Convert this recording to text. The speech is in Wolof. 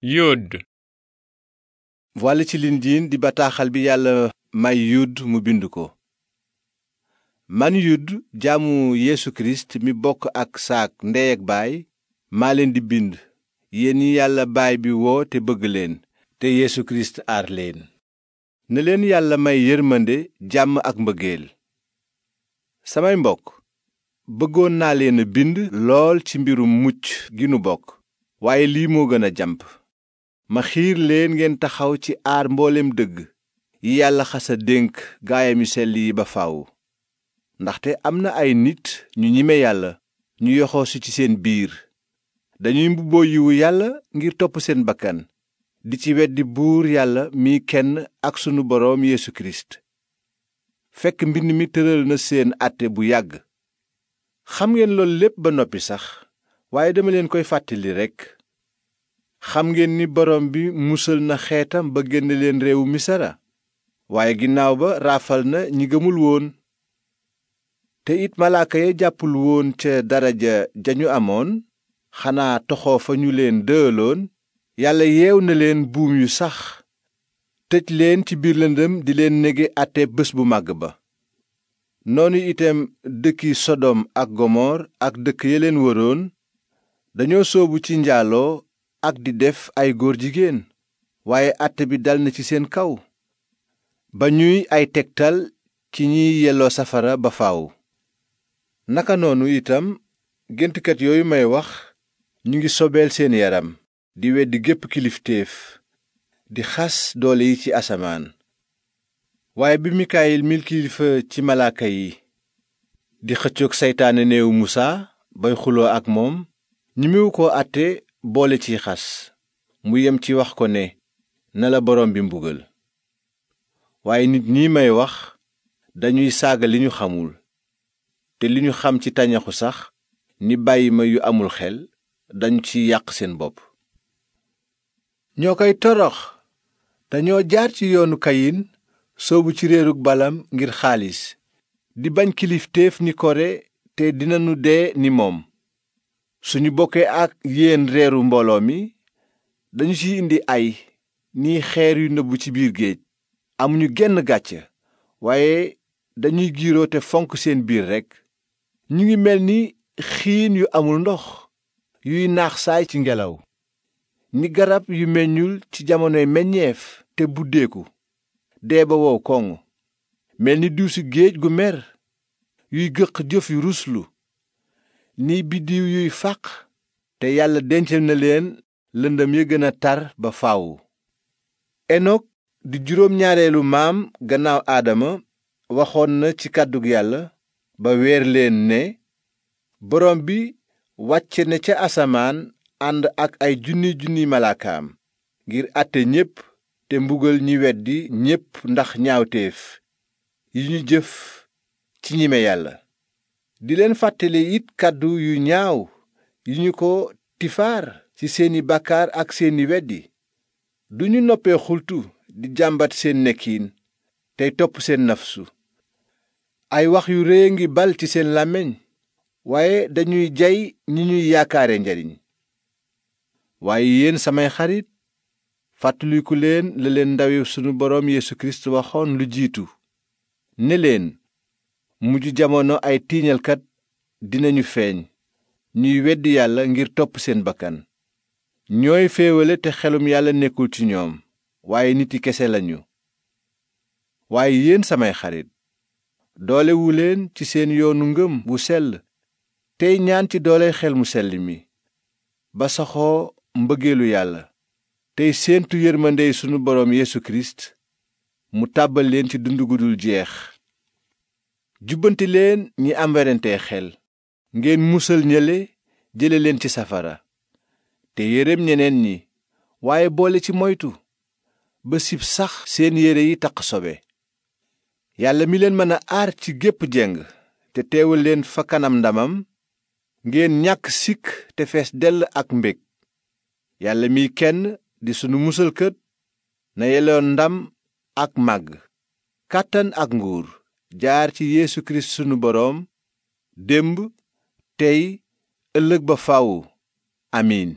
yóodd voile ci lindiin di bataaxal bi yàlla may yudd mu bind ko man yudd jaamu yeesu kirist mi bokk ak saak ndey ak baay maa leen di bind yéen ñi yàlla baay bi woo te bëgg leen te yeesu kirist aar leen ne leen yàlla may yërmande jàmm ak mbëggeel samay mbokk bëggoon naa leena bind lool ci mbirum mucc gi nu bokk waaye lii moo gën a jamp ma xiir leen ngeen taxaw ci aar mboolem dëgg yi yàlla xasa dénk gaayam yu sell yi ba faw ndaxte am na ay nit ñu ñime yàlla ñu yoxoosu ci seen biir dañuy mbubboo yiwu yàlla ngir topp seen bakkan di ci wet di buur yàlla mi kenn ak sunu boroom Yeesu Kirist fekk mbind mi tëral na seen àtte bu yàgg xam ngeen loolu lépp ba noppi sax waaye dama leen koy fàttali rekk xam ngeen ni borom bi musal na xeetam ba génn leen réew misara waaye ginnaaw ba raafal na ñi gëmul woon te it malaaka ya jàppul woon ca daraja ja ñu amoon xanaa toxoo fa ñu leen dëëloon yàlla yeew na leen buum yu sax tëj leen ci biir lëndëm di leen nege àtte bés bu màgg ba noonu itam dëkki sodom ak gomor ak dëkk ya leen wëroon dañoo soobu ci njaaloo ak di def ay góor jigéen waaye àtte bi dal na ci seen kaw ba ñuy ay tegtal ci ñuy yelloo safara ba faw naka noonu itam géntkat yooyu may wax ñu ngi sobeel seen yaram di wedd gépp kilifteef di xas doole yi ci asamaan waaye bi mikaayil mil kilifa ci malaaka yi di xëccoog seytaane néew musaa bay xuloo ak moom ñi miwu ko àtte boole ci xas mu yem ci wax ko ne na la borom bi mbugal waaye nit ñi may wax dañuy saaga li ñu xamul te li ñu xam ci tañaxu sax ni bàyyi ma yu amul xel dañu ci yàq seen bopp ñoo koy torox dañoo jaar ci yoonu kayin soobu ci réerug balam ngir xaalis di bañ kilifteef ni kore te dinanu dee ni moom suñu bokkee ak yéen reeru mbooloo mi dañu ci indi ay ni xeer yu nëbbu ci biir géej amuñu genn gàcce waaye dañuy giiroo te fonk seen biir rekk ñu ngi mel ni xiin yu amul ndox yuy naax saay ci ngelaw ni garab yu meññul ci jamonoy meññeef te buddeeku dee ba wow koŋ mel ni duusi géej gu mer yuy gëq jëf yu ruslu ni biddiw yuy fàq te yàlla dencal na leen lëndëm yi gën a tar ba faaw enok di juróom ñaareelu maam gannaaw aadama waxoon na ci kàddu yàlla ba weer leen ne borom bi wàcce na ca asamaan ànd ak ay junni junni malaakaam ngir àtte ñépp te mbugal ñi weddi ñépp ndax ñaawteef yi ñu jëf ci ñime yàlla di leen fàttali it kàddu yu ñaaw yi ñu ko tifaar ci seeni bàkkaar ak seeni weddi duñu noppee xultu di jàmbat seen nekkiin tey topp seen nafsu ay wax yu rëy ngi bal ci seen làmmiñ waaye dañuy jay ñi ñuy yaakaare njariñ waaye yéen samay xarit fàttaliku leen la leen ndawi sunu boroom Yeesu Kirist waxoon lu jiitu ne leen mujj jamono ay tiiñalkat dinañu feeñ ñuy wedd yàlla ngir topp seen bakkan ñooy féewale te xelum yàlla nekkul ci ñoom waaye nit yi kese lañu waaye yéen samay xarit doolewu leen ci seen yoonu ngëm bu sell tey ñaan ci doole xel mu sell mi ba soxoo mbëggeelu yàlla tey séentu yërmandey sunu boroom Yeesu Kirist mu tàbbal leen ci dund gudul jeex jubbanti leen ñi am werante xel ngeen musal ñële jële leen ci safara te yéreem ñeneen ñi waaye boole ci moytu ba sib sax seen yére yi taq sobe yàlla mi leen mën a aar ci gépp jeng te teewal leen fa kanam ndamam ngeen ñàkk sikk te fees dell ak mbég yàlla mi kenn di sunu musalkat na yeloon ndam ak màgg kàttan ak nguur jaar ci yéesu Kirist sunu boroom démb tey ëllëg ba faw amiin